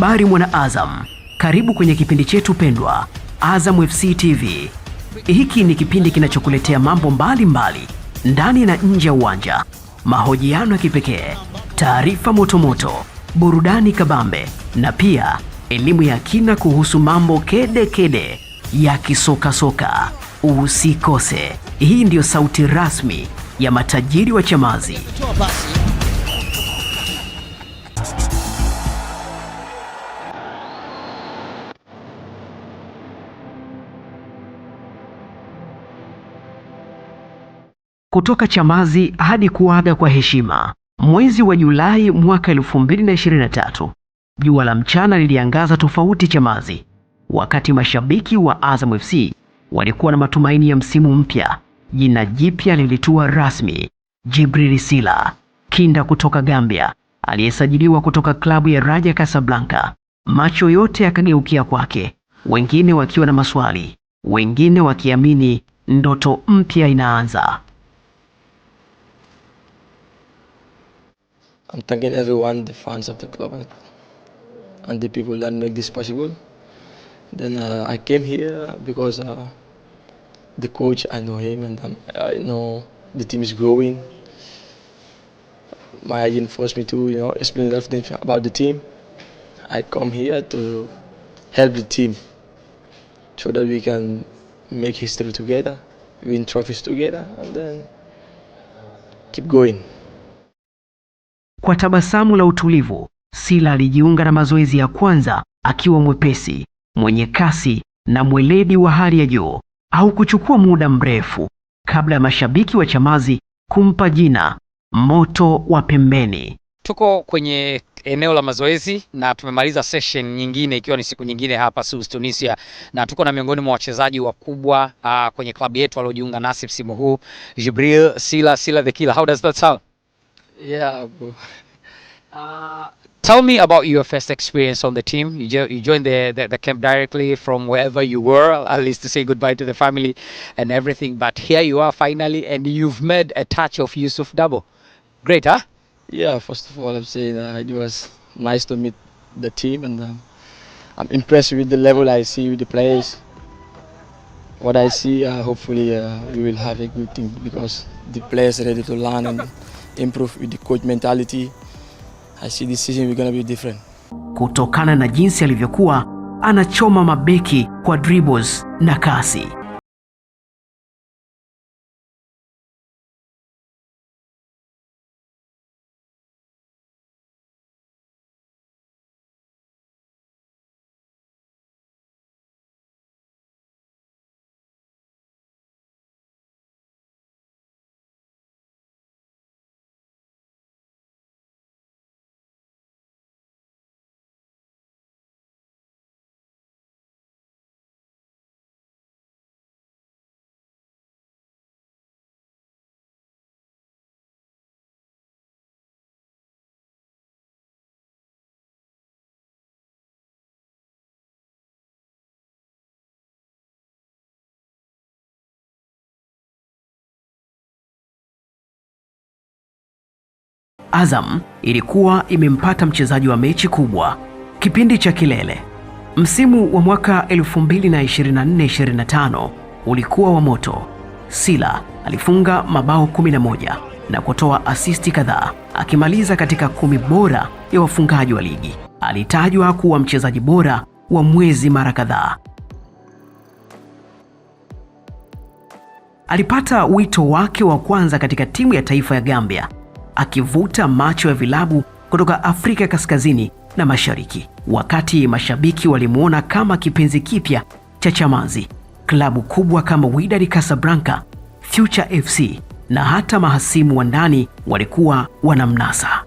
Habari mwana Azam, karibu kwenye kipindi chetu pendwa Azam FC TV. Hiki ni kipindi kinachokuletea mambo mbalimbali ndani na nje ya uwanja, mahojiano ya kipekee, taarifa motomoto, burudani kabambe na pia elimu ya kina kuhusu mambo kede kede ya kisokasoka. Usikose, hii ndiyo sauti rasmi ya matajiri wa Chamazi. kutoka Chamazi hadi kuaga kwa heshima. Mwezi wa Julai mwaka 2023, jua la mchana liliangaza tofauti Chamazi, wakati mashabiki wa Azam FC walikuwa na matumaini ya msimu mpya. Jina jipya lilitua rasmi, jibril Sila, kinda kutoka Gambia aliyesajiliwa kutoka klabu ya Raja Casablanca. Macho yote yakageukia kwake, wengine wakiwa na maswali, wengine wakiamini ndoto mpya inaanza. I'm thanking everyone, the fans of the club and, and the people that make this possible. Then uh, I came here because uh, the coach, I know him and um, I know the team is growing. My agent forced me to, you know, explain everything about the team. I come here to help the team so that we can make history together, win trophies together, and then keep going. Kwa tabasamu la utulivu, Sila alijiunga na mazoezi ya kwanza akiwa mwepesi, mwenye kasi na mweledi wa hali ya juu. Haukuchukua muda mrefu kabla ya mashabiki wa Chamazi kumpa jina moto wa pembeni. Tuko kwenye eneo la mazoezi na tumemaliza session nyingine ikiwa ni siku nyingine hapa SUS Tunisia, na tuko na miongoni mwa wachezaji wakubwa ah, kwenye klabu yetu waliojiunga nasi msimu huu Jibril Sila, Sila the Killer. How does that sound? Yeah, bro. Uh, tell me about your first experience on the team. You, jo- you joined the, the, the camp directly from wherever you were, at least to say goodbye to the family and everything. But here you are finally, and you've made a touch of Yusuf Dabo. Great, huh? Yeah, first of all, I'm saying uh, it was nice to meet the team, and um, I'm impressed with the level I see with the players. What I see, uh, hopefully, uh, we will have a good team because the players are ready to learn and improve with the coach mentality. I see this season we're gonna be different. Kutokana na jinsi alivyokuwa anachoma mabeki kwa dribbles na kasi. Azam ilikuwa imempata mchezaji wa mechi kubwa kipindi cha kilele. Msimu wa mwaka 2024-2025 ulikuwa wa moto. Sila alifunga mabao 11 na kutoa asisti kadhaa akimaliza katika kumi bora ya wafungaji wa ligi. Alitajwa kuwa mchezaji bora wa mwezi mara kadhaa. Alipata wito wake wa kwanza katika timu ya taifa ya Gambia akivuta macho ya vilabu kutoka Afrika Kaskazini na Mashariki, wakati mashabiki walimwona kama kipenzi kipya cha Chamazi. Klabu kubwa kama Wydad Casablanca, Future FC na hata mahasimu wa ndani walikuwa wanamnasa.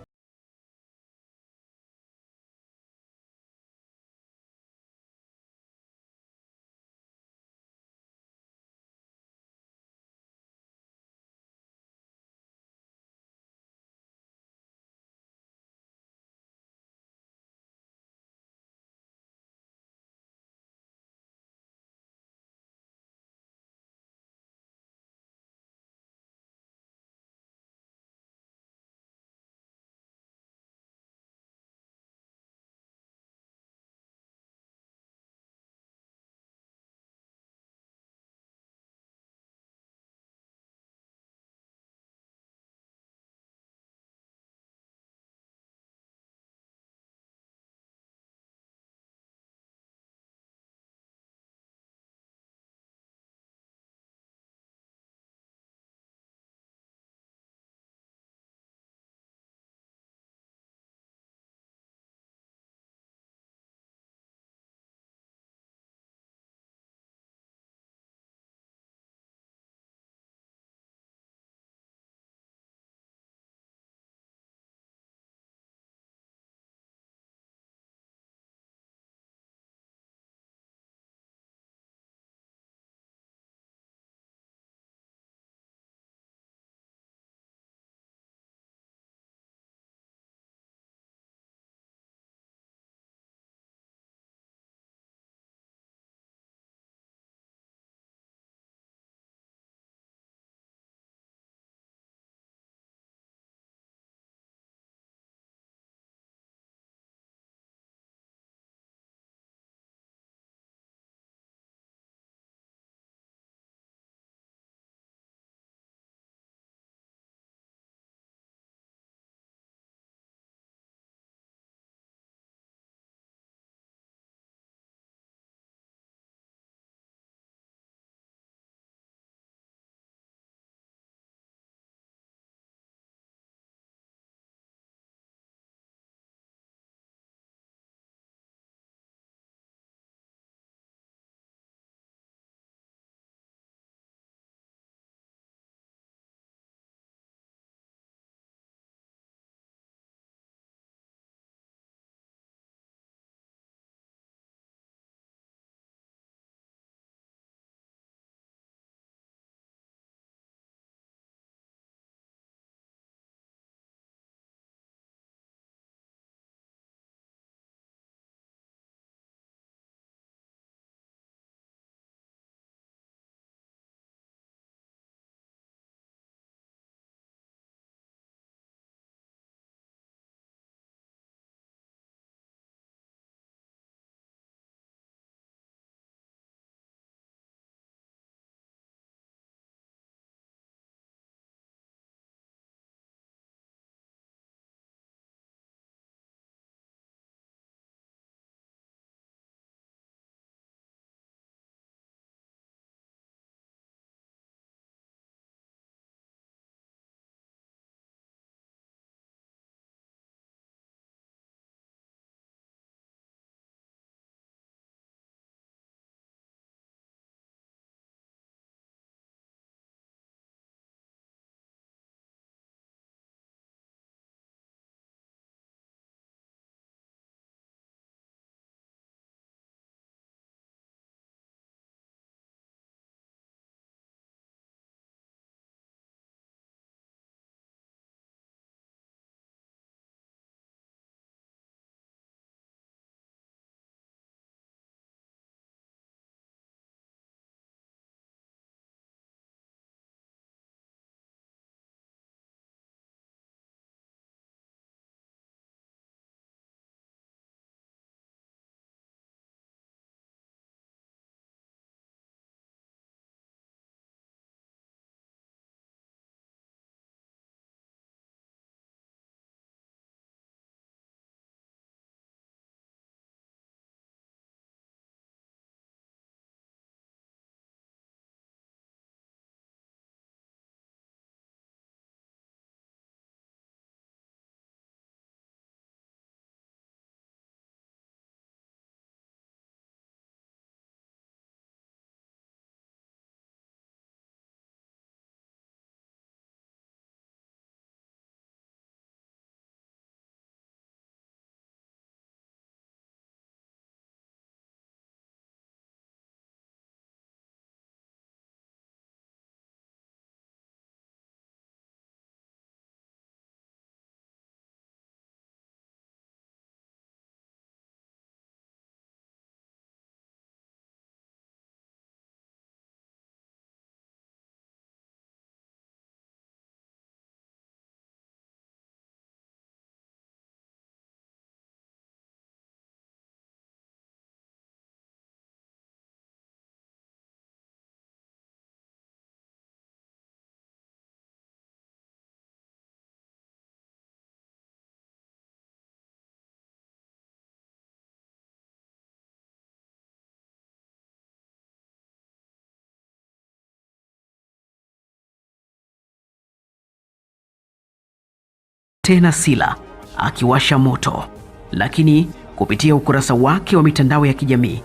tena Sila akiwasha moto, lakini kupitia ukurasa wake wa mitandao ya kijamii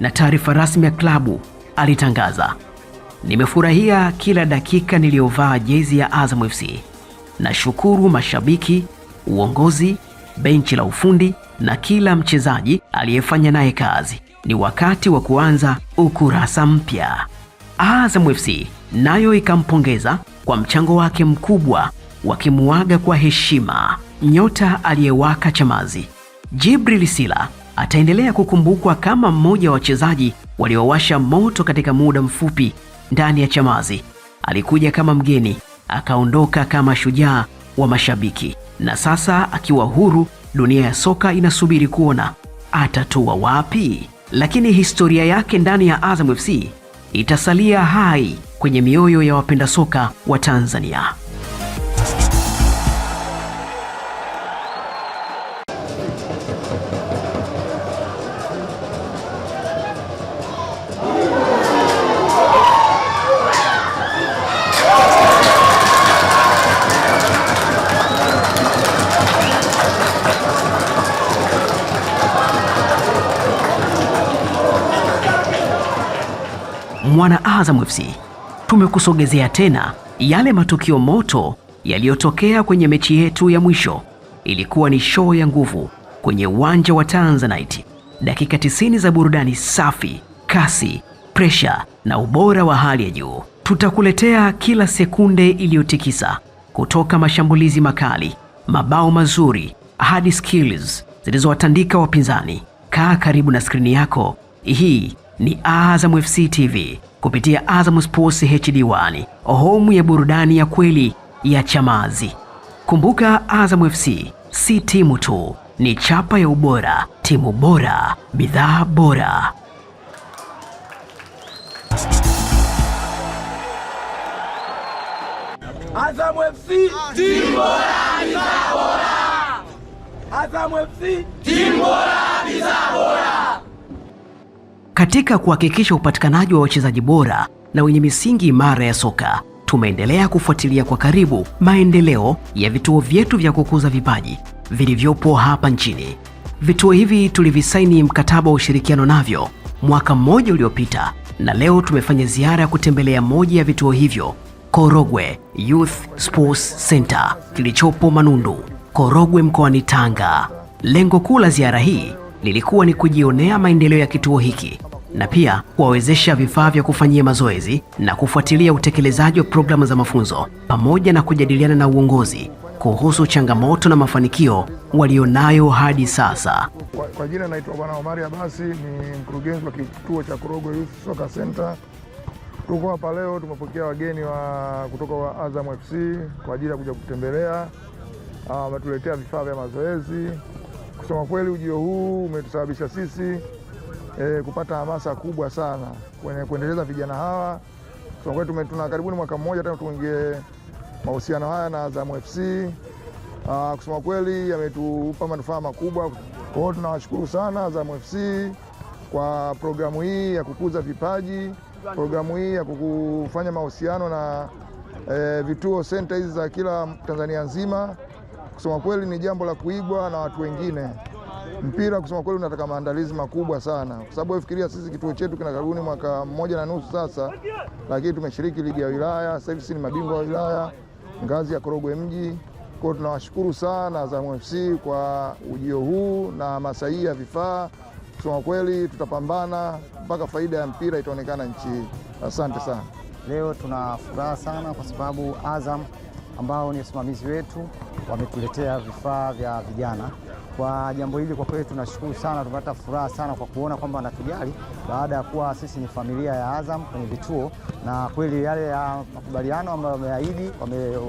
na taarifa rasmi ya klabu alitangaza, nimefurahia kila dakika niliyovaa jezi ya Azam FC. Nashukuru mashabiki, uongozi, benchi la ufundi na kila mchezaji aliyefanya naye kazi. Ni wakati wa kuanza ukurasa mpya. Azam FC nayo ikampongeza kwa mchango wake mkubwa wakimuaga kwa heshima nyota aliyewaka Chamazi. Jibril Sila ataendelea kukumbukwa kama mmoja wa wachezaji waliowasha moto katika muda mfupi ndani ya Chamazi. Alikuja kama mgeni, akaondoka kama shujaa wa mashabiki, na sasa akiwa huru, dunia ya soka inasubiri kuona atatoa wapi, lakini historia yake ndani ya Azam FC itasalia hai kwenye mioyo ya wapenda soka wa Tanzania. Bwana Azam FC, tumekusogezea tena yale matukio moto yaliyotokea kwenye mechi yetu ya mwisho. Ilikuwa ni show ya nguvu kwenye uwanja wa Tanzanite, dakika 90 za burudani safi, kasi, presha na ubora wa hali ya juu. Tutakuletea kila sekunde iliyotikisa, kutoka mashambulizi makali, mabao mazuri hadi skills zilizowatandika wapinzani. Kaa karibu na skrini yako, hii ni Azam FC TV kupitia Azam Sports HD1, homu ya burudani ya kweli ya Chamazi. Kumbuka, Azam FC si timu tu, ni chapa ya ubora, timu bora, bidhaa bora. Azam FC timu bora, bidhaa bora. Azam FC timu bora, bidhaa bora. Katika kuhakikisha upatikanaji wa wachezaji bora na wenye misingi imara ya soka, tumeendelea kufuatilia kwa karibu maendeleo ya vituo vyetu vya kukuza vipaji vilivyopo hapa nchini. Vituo hivi tulivisaini mkataba wa ushirikiano navyo mwaka mmoja uliopita, na leo tumefanya ziara ya kutembelea moja ya vituo hivyo, Korogwe Youth Sports Center kilichopo Manundu, Korogwe mkoani Tanga. Lengo kuu la ziara hii lilikuwa ni kujionea maendeleo ya kituo hiki na pia kuwawezesha vifaa vya kufanyia mazoezi na kufuatilia utekelezaji wa programu za mafunzo pamoja na kujadiliana na uongozi kuhusu changamoto na mafanikio walionayo hadi sasa. Kwa, kwa jina naitwa Bwana Omari Abasi, ni mkurugenzi wa kituo cha Korogwe Youth Soccer Center. Tuko hapa leo, tumepokea wageni wa kutoka wa Azam FC kwa ajili ya kuja kutembelea. Ah, wametuletea vifaa vya mazoezi Kusema kweli, ujio huu umetusababisha sisi e, kupata hamasa kubwa sana kwenye kuendeleza vijana hawa. Kusema kweli, tuna karibuni mwaka mmoja tena tuingie mahusiano haya na Azam FC. Ah, kusema kweli yametupa manufaa makubwa. Kwa hiyo tunawashukuru sana Azam FC kwa programu hii ya kukuza vipaji, programu hii ya kufanya mahusiano na e, vituo senta hizi za kila Tanzania nzima kusema kweli ni jambo la kuigwa na watu wengine. Mpira kusema kweli unataka maandalizi makubwa sana, kwa sababu fikiria sisi kituo chetu kina karibuni mwaka mmoja na nusu sasa, lakini tumeshiriki ligi ya wilaya, sasa hivi ni mabingwa wa wilaya ngazi ya Korogwe mji. Kwa hiyo tunawashukuru sana Azam FC kwa ujio huu na hamasa hii ya vifaa. Kusema kweli, tutapambana mpaka faida ya mpira itaonekana nchi hii. Asante sana. Leo tuna furaha sana kwa sababu Azam ambao ni wasimamizi wetu wametuletea vifaa vya vijana. Kwa jambo hili kwa kweli tunashukuru sana, tumepata furaha sana kwa kuona kwamba wanatujali baada ya kuwa sisi ni familia ya Azam kwenye vituo, na kweli yale ya makubaliano ambayo wameahidi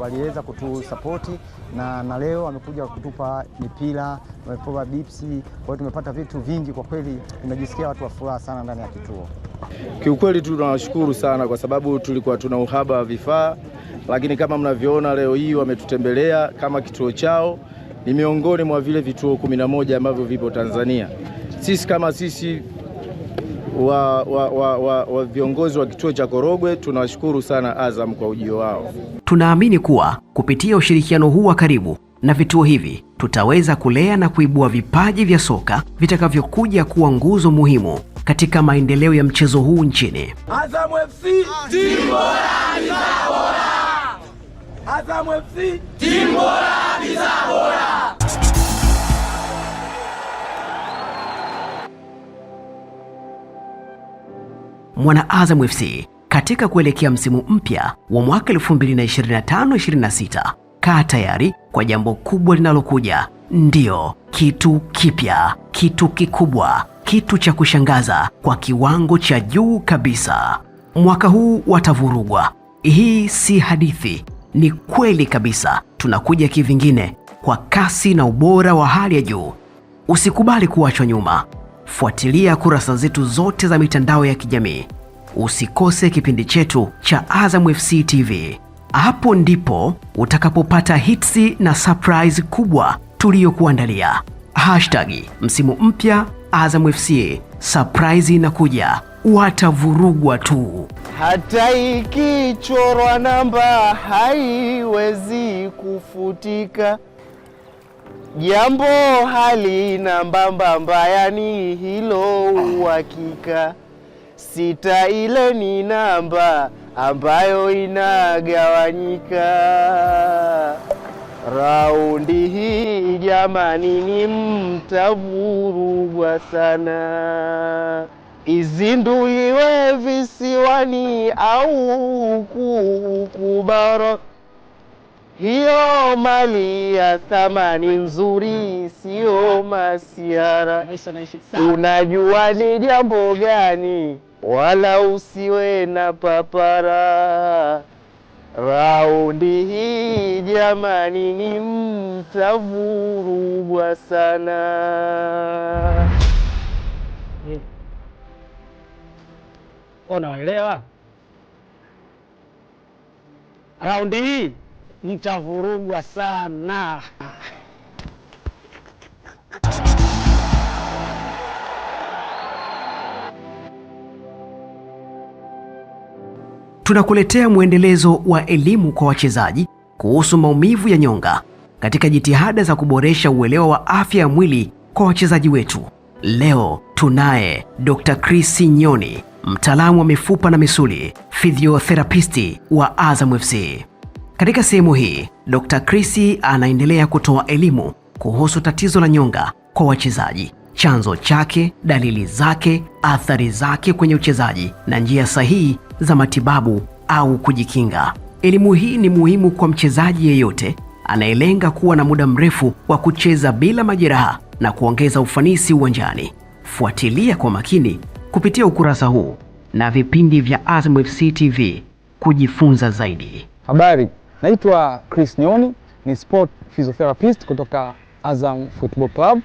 waliweza kutusapoti na, na leo wamekuja kutupa mipira, wamepewa bipsi. Kwa hiyo tumepata vitu vingi kwa kweli, tunajisikia watu wa furaha sana ndani ya kituo. Kiukweli tunawashukuru sana kwa sababu tulikuwa tuna uhaba wa vifaa, lakini kama mnavyoona leo hii wametutembelea kama kituo chao. Ni miongoni mwa vile vituo kumi na moja ambavyo vipo Tanzania. Sisi kama sisi wa, wa, wa, wa, wa viongozi wa kituo cha Korogwe. Tunawashukuru sana Azam kwa ujio wao. Tunaamini kuwa kupitia ushirikiano huu wa karibu na vituo hivi tutaweza kulea na kuibua vipaji vya soka vitakavyokuja kuwa nguzo muhimu katika maendeleo ya mchezo huu nchini. Azam FC timu bora bora. Azam FC timu bora bora. mwana Azam FC katika kuelekea msimu mpya wa mwaka 2025-26. Kaa tayari kwa jambo kubwa linalokuja, ndiyo kitu kipya, kitu kikubwa, kitu cha kushangaza kwa kiwango cha juu kabisa. Mwaka huu watavurugwa. Hii si hadithi, ni kweli kabisa. Tunakuja kivingine, kwa kasi na ubora wa hali ya juu. Usikubali kuachwa nyuma fuatilia kurasa zetu zote za mitandao ya kijamii. Usikose kipindi chetu cha Azam FC TV. Hapo ndipo utakapopata hitsi na surprise kubwa tuliyokuandalia. Hashtag msimu mpya Azam FC, surprise inakuja, watavurugwa tu. Hata ikichorwa namba haiwezi kufutika. Jambo na mbamba mbaya, ni hilo uhakika. Sita ile ni namba ambayo inagawanyika. Raundi hii jamani, ni mtavurugwa sana. Izinduliwe visiwani au huku hiyo mali ya thamani nzuri, sio masiara. Unajua ni jambo gani? Wala usiwe na papara. Raundi hii jamani, ni mtavurugwa sana. Eh. Unaelewa? Raundi hii mtavurugwa sana. Tunakuletea mwendelezo wa elimu kwa wachezaji kuhusu maumivu ya nyonga katika jitihada za kuboresha uelewa wa afya ya mwili kwa wachezaji wetu. Leo tunaye Dr. Chris Nyoni, mtaalamu wa mifupa na misuli, physiotherapisti wa Azam FC. Katika sehemu hii, Dr. Chris anaendelea kutoa elimu kuhusu tatizo la nyonga kwa wachezaji, chanzo chake, dalili zake, athari zake kwenye uchezaji na njia sahihi za matibabu au kujikinga. Elimu hii ni muhimu kwa mchezaji yeyote anayelenga kuwa na muda mrefu wa kucheza bila majeraha na kuongeza ufanisi uwanjani. Fuatilia kwa makini kupitia ukurasa huu na vipindi vya Azam FC TV kujifunza zaidi. Habari. Naitwa Chris Nyoni, ni sport physiotherapist kutoka Azam Football Club.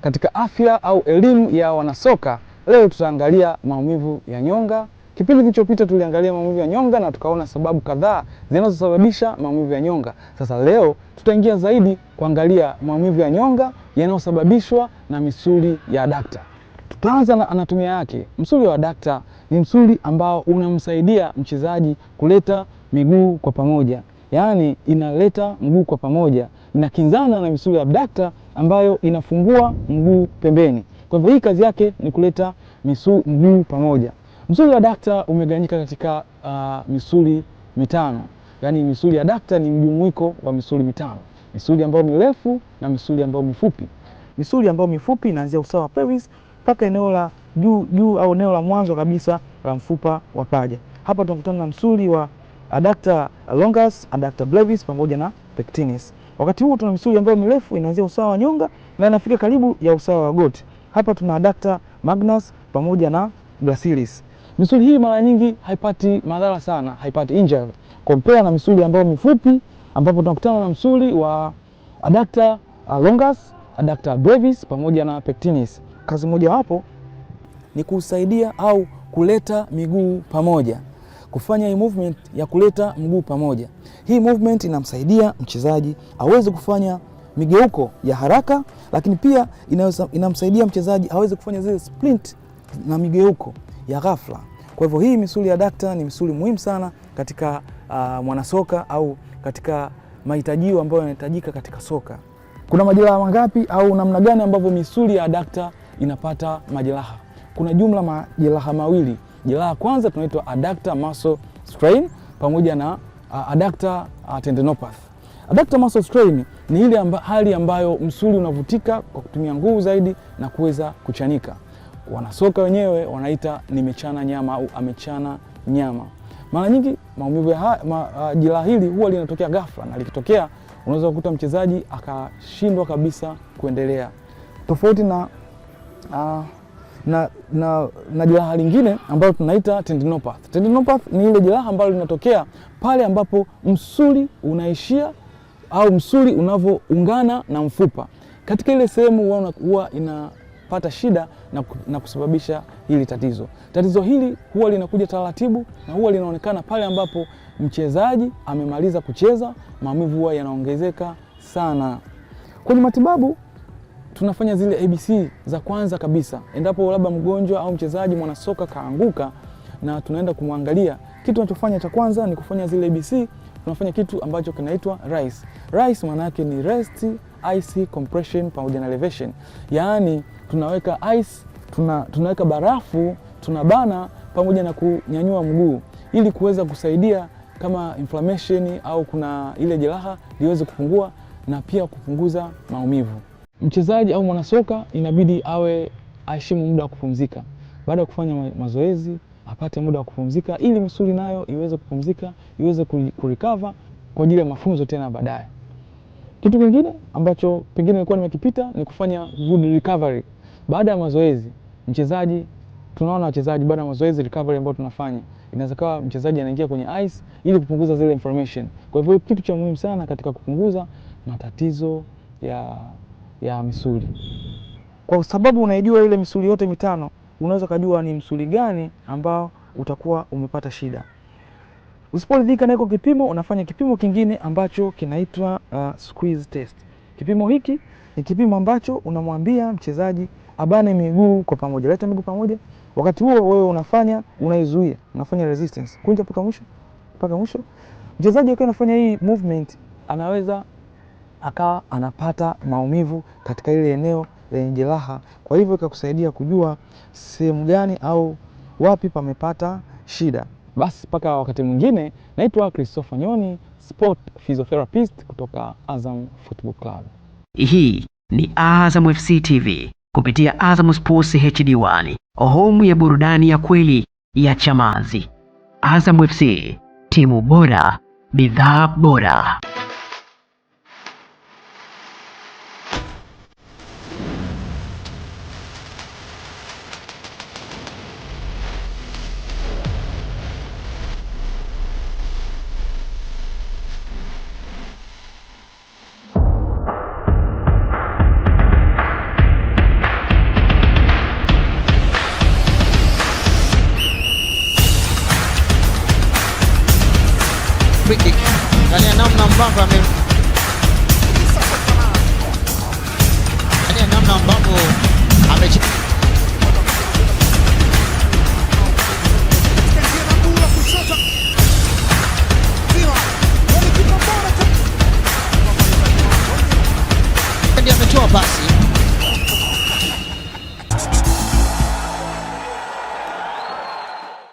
Katika afya au elimu ya wanasoka, leo tutaangalia maumivu ya nyonga. Kipindi kilichopita tuliangalia maumivu ya nyonga na tukaona sababu kadhaa zinazosababisha maumivu ya nyonga. Sasa leo tutaingia zaidi kuangalia maumivu ya nyonga yanayosababishwa na misuli ya adakta. Tutaanza na anatumia yake. Msuli wa adakta ni msuli ambao unamsaidia mchezaji kuleta miguu kwa pamoja yaani inaleta mguu kwa pamoja, inakinzana na misuli ya abductor ambayo inafungua mguu pembeni. Kwa hivyo hii kazi yake ni kuleta misuli mguu pamoja. Misuli ya adductor umegawanyika katika uh, misuli mitano, yaani misuli ya adductor ni mjumuiko wa misuli mitano, misuli ambayo mirefu na misuli ambayo mifupi. Misuli ambayo mifupi inaanzia usawa wa pelvis mpaka eneo la juu juu au eneo la mwanzo kabisa la mfupa wa paja. Hapa tunakutana na msuli wa adductor longus, adductor brevis pamoja na pectinis. Wakati huu tuna misuli ambayo mirefu inaanzia usawa wa nyonga na inafika karibu ya usawa wa goti. Hapa tuna adductor magnus pamoja na gracilis. Misuli hii mara nyingi haipati madhara sana, haipati injury compare na misuli ambayo mifupi, ambapo tunakutana na msuli wa adductor longus, adductor brevis pamoja na pectinis. Kazi moja wapo ni kusaidia au kuleta miguu pamoja kufanya hii movement ya kuleta mguu pamoja. Hii movement inamsaidia mchezaji aweze kufanya migeuko ya haraka, lakini pia inamsaidia mchezaji aweze kufanya zile splint na migeuko ya ghafla. Kwa hivyo hii misuli ya adductor ni misuli muhimu sana katika uh, mwanasoka au katika mahitajio ambayo yanahitajika katika soka. Kuna majeraha mangapi au namna gani ambavyo misuli ya adductor inapata majeraha? Kuna jumla majeraha mawili Jeraha la kwanza tunaitwa adductor muscle strain pamoja na uh, adductor uh, tendinopathy. Adductor muscle strain ni ile amba, hali ambayo msuli unavutika kwa kutumia nguvu zaidi na kuweza kuchanika. Wanasoka wenyewe wanaita nimechana nyama au amechana nyama. Mara nyingi maumivu ya ma, uh, jeraha hili huwa linatokea ghafla, na likitokea unaweza kukuta mchezaji akashindwa kabisa kuendelea, tofauti na uh, na, na, na jeraha lingine ambalo tunaita tendinopathy. Tendinopathy ni ile jeraha ambalo linatokea pale ambapo msuli unaishia au msuli unavyoungana na mfupa, katika ile sehemu huwa inapata shida na, na kusababisha hili tatizo. Tatizo hili huwa linakuja taratibu na huwa linaonekana pale ambapo mchezaji amemaliza kucheza, maumivu huwa yanaongezeka sana. Kwenye matibabu tunafanya zile ABC za kwanza kabisa, endapo labda mgonjwa au mchezaji mwanasoka kaanguka na tunaenda kumwangalia, kitu tunachofanya cha kwanza ni kufanya zile ABC. Tunafanya kitu ambacho kinaitwa RICE. RICE maana yake ni rest, ice, compression pamoja na elevation, yaani tunaweka ice, tuna, tunaweka barafu tunabana pamoja na kunyanyua mguu ili kuweza kusaidia kama inflammation au kuna ile jeraha liweze kupungua na pia kupunguza maumivu mchezaji au mwanasoka inabidi awe aheshimu muda wa kupumzika. Baada ya kufanya mazoezi apate muda wa kupumzika, ili misuli nayo iweze kupumzika, iweze kurecover kwa ajili ya mafunzo tena baadaye. Kitu kingine ambacho pengine nilikuwa nimekipita ni kufanya good recovery baada ya mazoezi. Mchezaji tunaona wachezaji baada ya mazoezi recovery ambayo tunafanya inaweza kawa mchezaji anaingia kwenye ice ili kupunguza zile inflammation. Kwa hivyo kitu cha muhimu sana katika kupunguza matatizo ya ya misuli. Kwa sababu unaijua ile misuli yote mitano, unaweza kujua ni msuli gani ambao utakuwa umepata shida. Usiporidhika na hiko kipimo, unafanya kipimo kingine ambacho kinaitwa uh, squeeze test. Kipimo hiki ni kipimo ambacho unamwambia mchezaji abane miguu kwa pamoja, leta miguu pamoja. Wakati huo wewe unafanya unaizuia, unafanya resistance, kunja mpaka mwisho, mpaka mwisho. Mchezaji akiwa anafanya hii movement anaweza akawa anapata maumivu katika ile eneo lenye jeraha. Kwa hivyo ikakusaidia kujua sehemu gani au wapi pamepata shida. Basi mpaka wakati mwingine, naitwa Christopher Nyoni, sport physiotherapist kutoka Azam Football Club. Hii ni Azam FC TV kupitia Azam Sports HD1, home ya burudani ya kweli ya Chamazi. Azam FC, timu bora, bidhaa bora.